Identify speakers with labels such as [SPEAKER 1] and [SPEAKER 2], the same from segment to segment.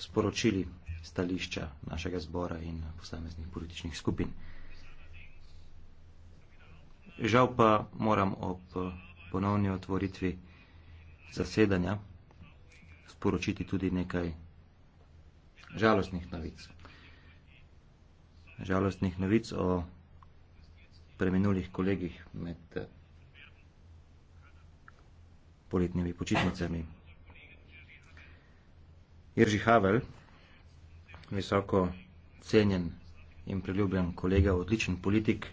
[SPEAKER 1] sporočili stališča našega zbora in posameznih političnih skupin. Žal pa moram ob ponovni otvoritvi zasedanja sporočiti tudi nekaj žalostnih novic. Žalostnih novic o preminulih kolegih med poletnimi počitnicami Irži Havel, visoko cenjen in priljubljen kolega, odličen politik,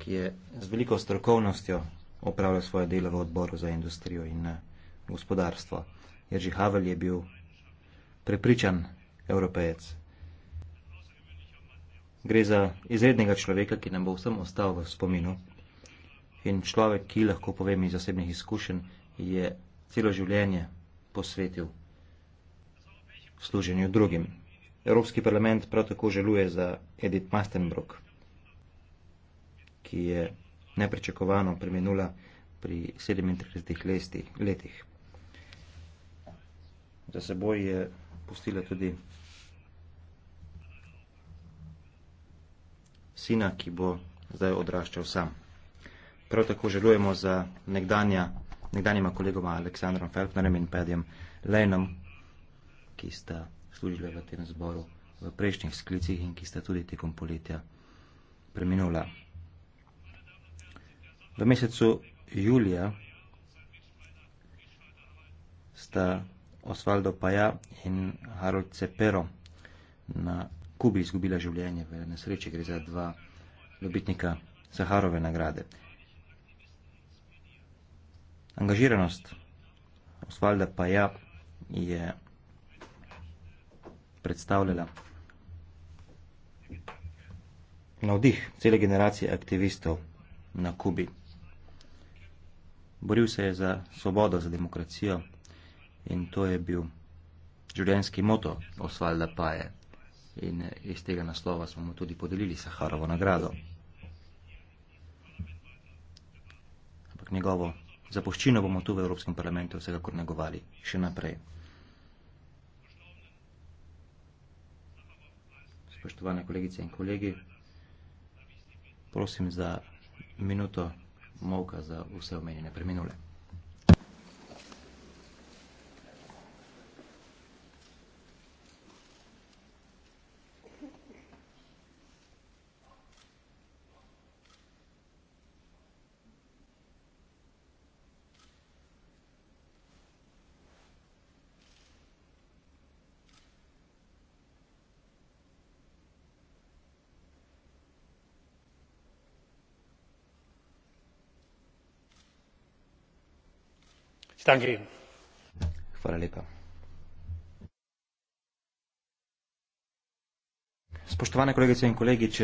[SPEAKER 1] ki je z veliko strokovnostjo opravljal svoje delo v odboru za industrijo in eh, gospodarstvo. Irži Havel je bil prepričan evropejec. Gre za izrednega človeka, ki nam bo vsem ostal v spominu in človek, ki lahko povem iz osebnih izkušenj, je celo življenje posvetil služenju drugim. Evropski parlament prav tako želuje za Edith Mastenbrook, ki je neprečakovano premenula pri 37 letih. Za seboj je pustila tudi sina, ki bo zdaj odraščal sam. Prav tako želujemo za nekdanja, nekdanjima kolegoma Aleksandrom Felpnerem in Pedjem Lejnom, ki sta služila v tem zboru v prejšnjih sklicih in ki sta tudi tekom poletja preminula. V mesecu julija sta Osvaldo Paja in Harold Cepero na Kubi izgubila življenje v nesreči, gre za dva dobitnika Saharove nagrade. Angažiranost Osvalda Paja je predstavljala navdih cele generacije aktivistov na Kubi. Boril se je za svobodo, za demokracijo in to je bil življenjski moto Osvalda Paje. In eh, iz tega naslova smo mu tudi podelili Saharovo nagrado. Ampak njegovo zapoščino bomo tu v Evropskem parlamentu vsekakor negovali še naprej. spoštovane kolegice in kolegi. Prosim za minuto molka za vse omenjene preminule. danke ihnen!